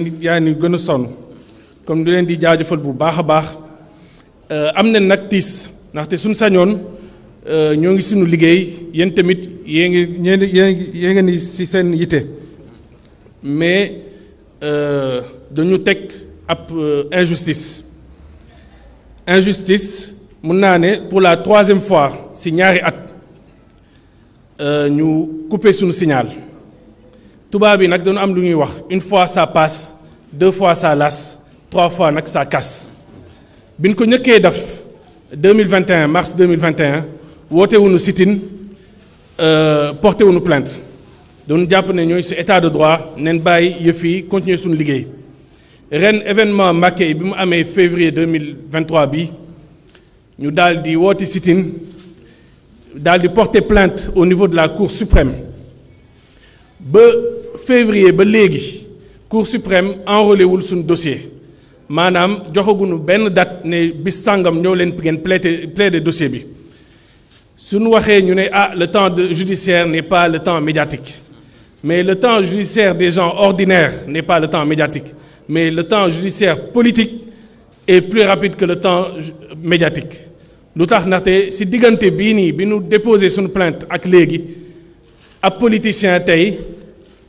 nit yaa ni gën a sonn comme di leen di jaajëfal bu baax a baax euh, am na nag tiis ndaxte suñ sañoon euh, ñoo ngi suñu liggéey yéen tamit yée ngi yée ngi ni si seen yite mais euh, dañu teg ab injustice injustice mun naa ne pour la troisième fois si ñaari at ñu couper suñu signal tubaab yi nag dañu am lu ñuy wax une fois ça passe deux fois ça lasse trois fois nag ça casse bi ñu ko ñëkkee def 2021 mars 2021 woote wuñu sit-in euh, porté wuñu plainte doon jàpp ne ñooy su état de droit neen bàyyi yëf yi continuer suñu liggéey ren événement Mbacké yi bi mu amee février 2023 bi ñu daal di woote sit-in daal di porter plainte au niveau de la Cour suprême ba février ba léegi cour suprême enrôlé wul suñ dossier maanaam joxaguñu benn date ne bis sàngam ñëw leen ngeen plaider de dossier bi suñu waxee ñu ne ah le temps de judiciaire n'est pas le temps médiatique mais le temps judiciaire des gens ordinaires n'est pas le temps médiatique mais le temps judiciaire politique est plus rapide que le temps médiatique lu tax naxte si diggante bii nii bi nu déposé suñu plainte ak léegi ab politicien tey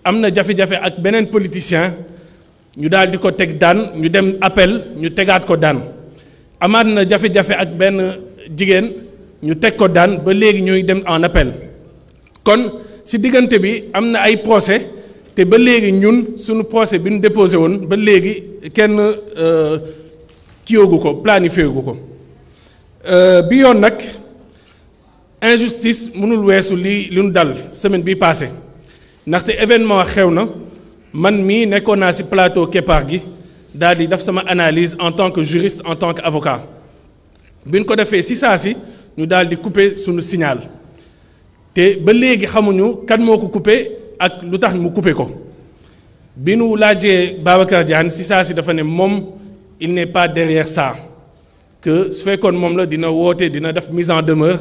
am na jafe-jafe ak beneen politicien ñu daal di ko teg daan ñu dem appel ñu tegaat ko daan amaat na jafe-jafe ak benn jigéen ñu teg ko daan ba léegi ñuy dem en appel kon si diggante bi am na ay procès te ba léegi ñun suñu procès bi ñu déposé woon ba léegi kenn euh, kiyogu ko planifié gu ko euh, bi yoon nag injustice mënul weesu li li ñu dal semaine bi passé ndaxte événement xew na man mii nekkoon naa ci plateau keppaar gi daal di def sama analyse en tant que juriste en tant que avocat bi ñu ko defee ci saa si ñu daal di couper suñu signal te ba léegi xamuñu kan moo ko couper ak lu tax mu couper ko bi nu laajee Babacar Diagne ci saa si dafa ne moom il n'est pas derrière ça que su fekkoon moom la dina woote dina def mise en demeure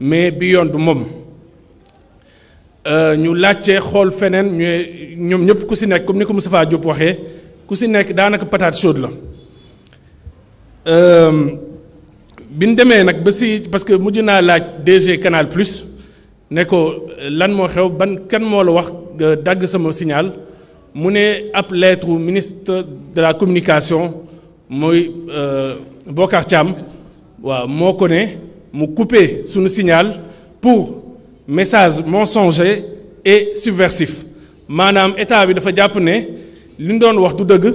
mais bi yoon du moom. Euh, ñu laajte xool feneen ñoom ñëpp ku si nekk comme ni ko Moustapha Diop waxee ku si nekk daanaka patate chaude la euh, bi ñu demee nag ba si parce que mujj naa laaj DG Canal Plus ne ko euh, lan moo xew ban kan moo la wax dagg sama signal mu ne ab leetu ministre de la communication mooy Bocar Thiam waaw moo ko ne mu coupé sunu signal pour. message mensonger et subversif maanaam état bi dafa jàpp ne li ñu doon wax du dëgg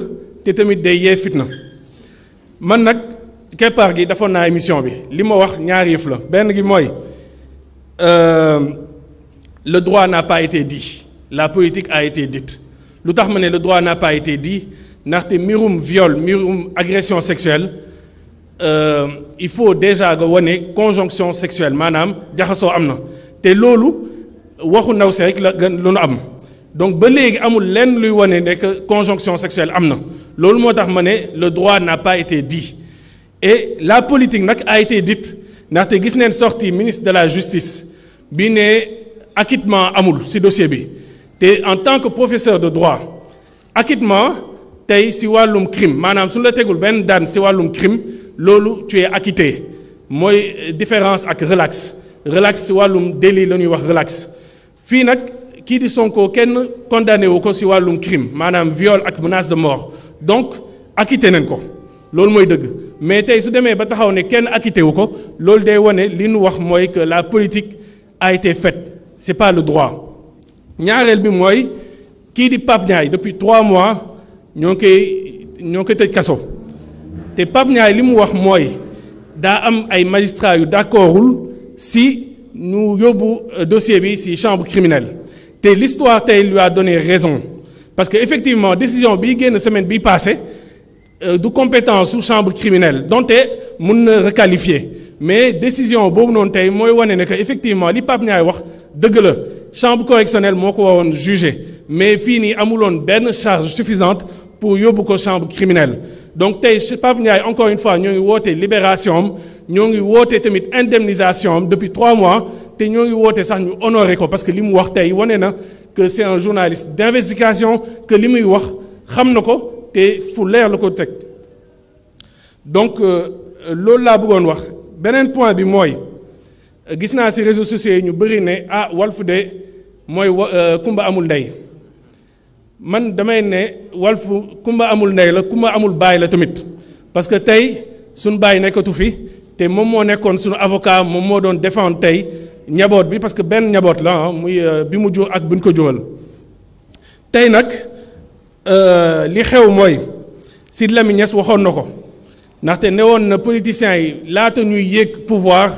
te tamit day yee fitna man nag keppaar gi defoon naa émission bi li ma wax ñaari la benn gi mooy euh, le droit n'a pas di la politique a été lu tax ma ne la droit n'a pas di dit ndaxte mbirum viol mbirum agression sexuelle euh, il faut déjà nga wane conjonction sexuelle maanaam jaxasoo am na te loolu waxu ndaw si rek la gën lu nu am donc ba léegi amul lenn luy wane ne que conjonction sexuelle am na loolu moo tax ma ne le droit n'a pas été dit et la politique nag a été dite ndaxte gis neen sorti ministre de la justice bi ne acquittement amul ci dossier bi te en tant que professeur de droit acquittement tey ci wàllum crime maanaam suñu la tegul benn daan ci wàllum crime loolu tu es mooy différence ak relax relax si wàllum délit la ñuy wax relax fii nag kii di Sonko kenn condamné wu ko si wàllum crime maanaam viol ak menace de mort donc acquitté nañ ko loolu mooy dëgg mais tey su demee ba taxaw ne kenn acquitté wu ko loolu day wane li nu wax mooy que la politique a été faite c'est droit ñaareel bi mooy kii di Pape Ndiaye depuis trois mois ñoo ngi koy ñoo ngi koy tëj kaso te Pape Ndiaye li mu wax mooy daa am ay magistrats yu d'accordul si ñu yóbbu euh, dossier bi ci chambre criminelle te l'histoire tey lui a donné raison parce que effectivement décision bi génn semaine bi passée euh, du compétence su chambre criminelle donte mun na requalifier mais décision boobu noonu tey mooy wane ne que effectivement li Pape Ndiaye wax dëgg la chambre correctionnelle moo ko waroon juger mais fii nii amuloon benn charge suffisante pour yóbbu ko chambre criminelle donc tey Pape Ndiaye encore une fois ñooy ngi woote libération ñoo ngi woote tamit indemnisation am depuis trois mois te ñoo ngi woote sax ñu honoré ko parce que li mu wax tey wane na que c'est un journaliste d'investigation que li muy wax xam na ko te fu leer la ko teg donc euh, loolu laa bëggoon wax beneen point bi mooy gis naa si réseaux sociaux yi ñu bëri ne ah Walf de mooy wa euh, kumba amul ndey man damay ne Walf kumba amul ndey la kumba amul bàyyi la tamit parce que tey suñ baay nekkatu fi te moom moo nekkoon suñu avocat moom moo doon défendre tey njaboot bi parce que benn njaboot la ah muy euh, bi mu jur ak buñ ko jural tey nag euh, li xew mooy si Lamine waxoon na ko ndaxte ne woon na politiciens yi laata ñuy yéeg pouvoir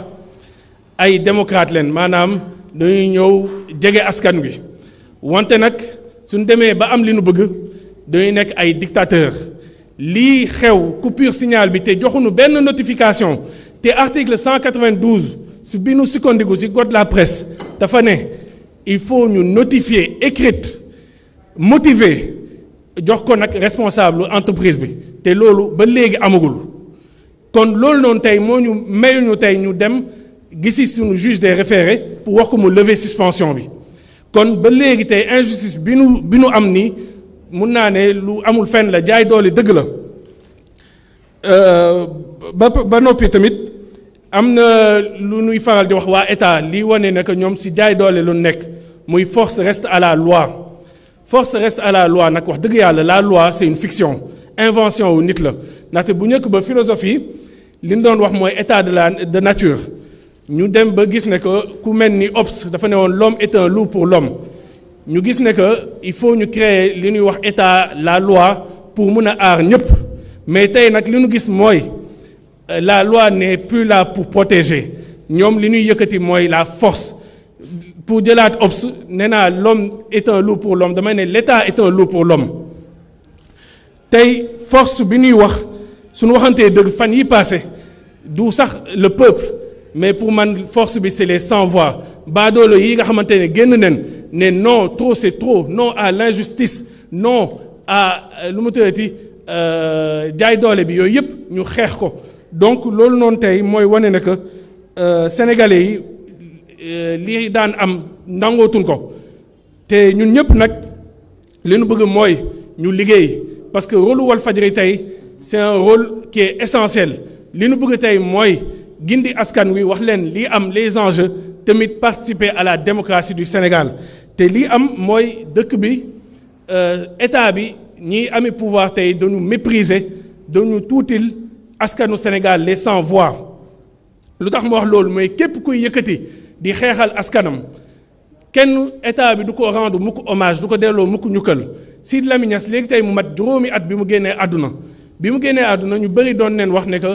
ay démocrate leen maanaam dañuy ñëw jege askan wi wante nag suñu demee ba am li nu bëgg dañuy nekk ay dictateur lii xew coupure signal bi te joxuñu benn notification te article 192 si bi nu sukkandiku si code la presse dafa ne il faut ñu notifier écrite motiver jox ko nag responsable entreprise bi te loolu ba léegi amagul kon loolu noonu tey moo ñu mayuñu tey ñu dem gisi suñu juge des référés pour wax ko mu lever suspension bi kon ba léegi tey injustice bi nu bi nu am nii mun naa ne lu amul fenn la jaay doole dëgg la euh, ba ba noppi tamit am na lu nuy faral di wax waa état lii wane ne que ñoom si jaay doole lu nekk muy force reste à la loi force reste à la loi nag wax dëgg yàlla la loi c'est une fiction invention wu nit la ndaxte bu njëkk ba philosophie li ñu doon wax mooy état de la de nature ñu dem ba gis ne que ku mel ni Hobbes dafa ne woon l'homme est un pour l'homme ñu gis ne que il faut ñu créer li ñuy wax état la loi pour mun a aar ñëpp mais tey nag li nu gis mooy Euh, la loi n'est plus là pour protéger ñoom li ñuy yëkkati mooy la force pour jëlaat obs nee naa l'homme est un loup pour l'homme damay ne l'État est un loup pour l'homme tey force bi ñuy wax suñu waxantee dëgg fan yi passé du sax le peuple mais pour man force bi c'est les sans voix baadoolo yi nga xamante ne génn nen ne non trop c'est trop non à l'injustice non à euh, lu mu tëddati euh, jaay doole bi yooyu yëpp ñu xeex ko donc loolu noonu tey mooy wane ne que euh, sénégalais yi euh, li daan am ndangootuñ ko te ñun ñëpp nag li ñu bëgg mooy ñu liggéey parce que rôle Walfadjri tey c'est rôle qui est essentiel li ñu bëgg tey mooy gindi askan wi wax leen lii am les enjeux tamit participer à la démocratie du Sénégal te lii am mooy dëkk bi euh, état bi ñiy amee pouvoir tey dañu mépriser dañu tuutil askanu Sénégal les sans voix lu tax ma wax loolu mooy képp kuy yëkkati di xeexal askanam kenn état bi du ko rendre mukk hommage du ko delloo mukk ñukkal Sidy Lamine Niass léegi tey mu mat juróomi at bi mu génnee àdduna bi mu génnee àdduna ñu bëri doon neen wax ne que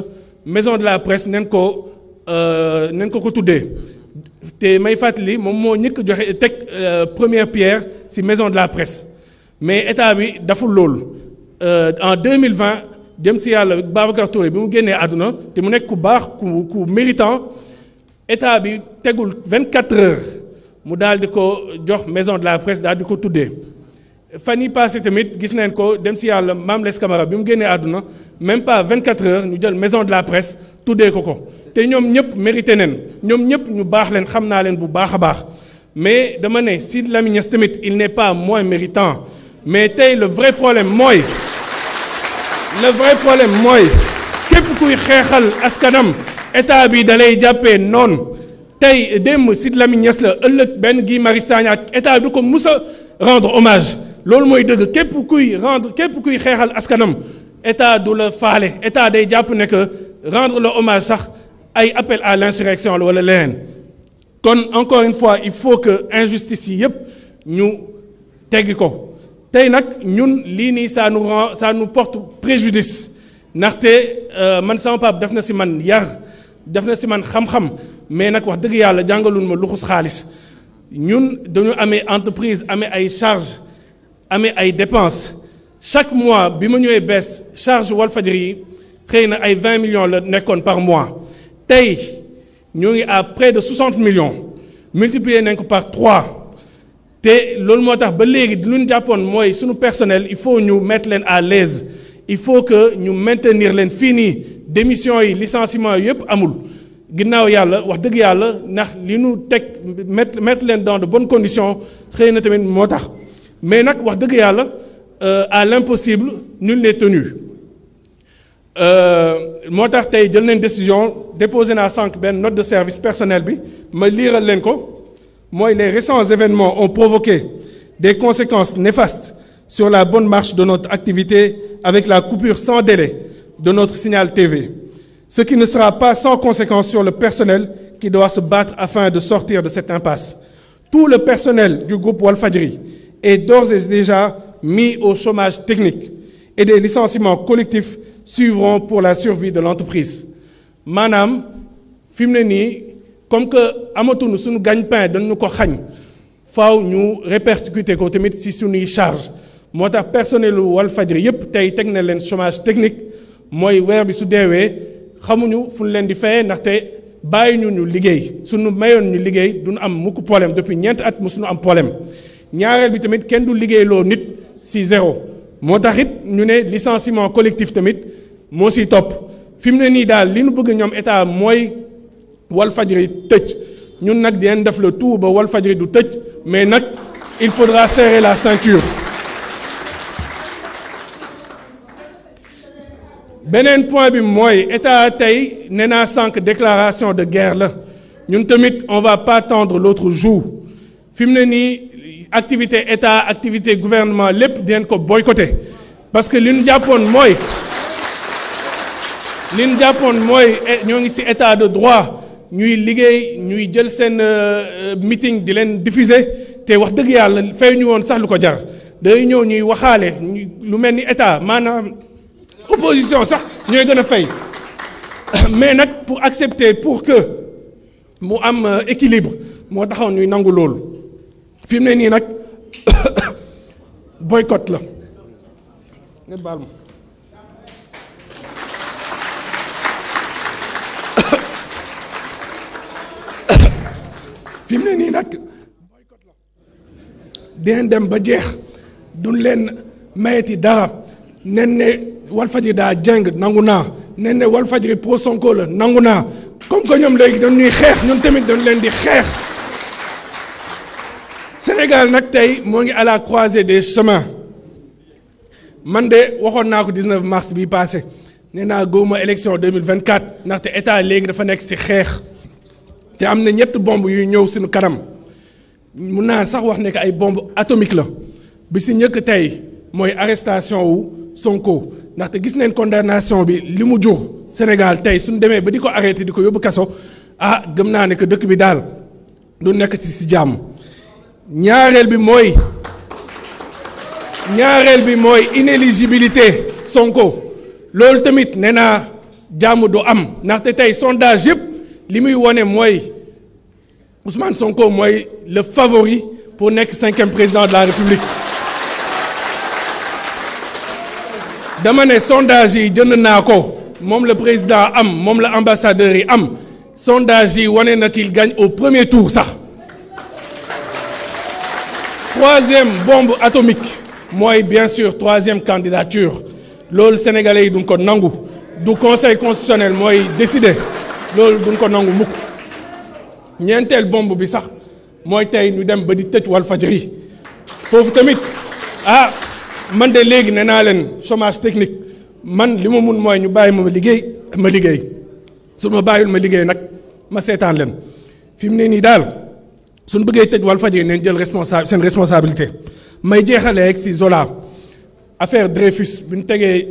maison de la presse nen ko euh, nen ko ko tuddee te may fàttali moom moo ñëkk joxe teg euh, première pierre si maison de la presse mais état bi daful loolu euh, en 2020 dem si yàlla Babacar Touré bi mu génnee àdduna te mu nekk ku baax ku ku méritant état bi tegul vingt 24 heures mu daal di ko jox maison de la presse daal di ko tuddee fan ni passé tamit gis neen ko dem si yàlla Mame Less Camara bi mu génnee àdduna même pas vingt quatre heures ñu jël maison de la presse tuddee ko ko te ñoom ñëpp mérité neen ñoom ñëpp ñu baax leen xam naa leen bu baax a baax mais dama ne Sidy Lamine tamit il n'est pas moins méritant mais tey le vrai problème mooy le vrai problème mooy képp kuy xeexal askanam état bi dalay jàppee noonu tey démb Sidy Lamine la ëllëg benn Guy Marius Sagna état du ko mus a rendre hommage loolu mooy dëgg képp kuy rendre képp kuy xeexal askanam état du la faale état day jàpp ne que rendre le hommage sax ay appel à l'insurrection la wala leneen kon encore une fois il faut que injustice yi yépp ñu teggi ko tey nag ñun lii nii ça nous rend ça nous porte préjudice ndaxte euh, man sama pap def na si man yar def na si man xam-xam mais nag wax dëgg yàlla jàngalul ma luxus xaalis ñun dañu amee entreprise amee ay charges amee ay dépenses chaque mois bi ma ñëwee bees charge Walfadjri yi xëy na ay 20 millions la nekkoon par mois tey ñoo ngi à près de 60 millions multiplier nañ ko par 3. te loolu moo tax ba léegi lu jàppoon mooy suñu personnel il faut ñu mettre leen à l'aise il faut que ñu maintenir leen fii nii démission yi licenciement yépp amul ginnaaw yàlla wax dëgg yàlla ndax li nu teg mettre mettre leen dans de bonnes conditions xëy na tamit moo tax mais nag wax dëgg yàlla euh, à l'impossible nul n'est tenu euh, moo tax tey jël nañ décision déposé naa sànq benn note de service personnel bi ma liiral leen ko mooy les récents événements ont provoqué des conséquences néfastes sur la bonne marche de notre activité avec la coupure sans délai de notre signal TV, ce qui ne sera pas sans conséquence sur le personnel qui doit se battre afin de sortir de cette impasse. Tout le personnel du groupe Walfadjri est d'ores et déjà mis au chômage technique et des licenciements collectifs suivront pour la survie de l'entreprise. maanaam fi ne nii comme que amatuñu suñu gagne-pain dañu ko xañ faaw ñu répercuter ko tamit ci suñuy charge moo tax personnel faj Walfadjri yépp tey teg na leen chômage technique mooy weer bi su deewee xamuñu fu ñu leen di fayee ndaxte bàyyi ñu ñu liggéey suñu mayoon ñu liggéey duñu am mukk problème depuis ñeenti at mu suñu am problème ñaareel bi tamit kenn du liggéeyloo nit ci zéro moo tax it ñu ne licenciement collectif tamit moo ciy topp fi mu ne nii daal li nu bëgg ñoom état mooy Walfadjri tëj ñun nag di def le tout ba Walfadjri du tëj mais nag il faudra serrer la ceinture. beneen point bi mooy état tey nee naa sànq déclaration de guerre la ñun tamit on va pas attendre l'autre jour fi mu ne nii activité état activité gouvernement lépp dinañ ko boycotter parce que li ñu jàppoon mooy li ñu jàppoon mooy eh, ñoo ngi ci état de droit ñuy liggéey ñuy jël seen euh, euh, meeting di leen diffuser te wax dëgg yàlla fay ñu woon sax lu ko jar day ñëw ñuy waxaale lu mel ni état maanaam opposition sax ñooy gën a fay mais nag pour accepter pour que mu am euh, équilibre moo taxaw ñuy nangu loolu fi ne nii nag boycott la fi mu ne nii nag la dinañ dem ba jeex du leen mayeti dara nen ne Walfadjri daa jeng nangu naa nen ne Walfadjri pro Sonko la nangu naa comme que ñoom léegi dañ ñuy xeex ñun tamit dañ leen di xeex Sénégal nag tey moo ngi à la croisée des chemins man de waxoon naa ko 19 mars bi passé nee naa góoma élection 2024 ndaxte état léegi dafa nekk si xeex am na ñett bomb yuy ñëw suñu kanam mun naa sax wax ne que ay bomb atomique la bi si ñëkk tey mooy arrestation wu Sonko ndaxte gis neen condamnation bi li mu jur Sénégal tey suñu demee ba di ko arrêté di ko yóbbu kaso ah gëm naa ne que dëkk bi daal du nekk ci si jàmm ñaareel bi mooy ñaareel bi mooy inéligibilité Sonko loolu tamit nee naa jàmm du am ndaxte tey sondage yëpp li muy wone mooy Ousmane Sonko mooy le favori pour nekk cinquième président de la République dama sondage yi jënd naa ko moom la président am moom la ambassadeur yi am sondage yi wane na qu'il gagne au premier tour sax troisième bombe atomique mooy bien sûr troisième candidature loolu sénégalais yi duñ ko nangu du conseil constitutionnel mooy décider loolu duñ ko nangu mukk ñeenteel bomb bi sax mooy tey ñu dem ba di tëj wal Walfadjri foofu tamit ah man de léegi nee naa leen chômage technique man li ma mun mooy ñu bàyyi ma liggéey ma liggéey su ma bàyyul ma liggéey nag ma seetaan leen fi mu ne nii daal suñ bëggee tëj Walfadjri neen jël responsa seen responsabilité may jeexalee ak si Zola affaire Dreyfus bu ñu tegee.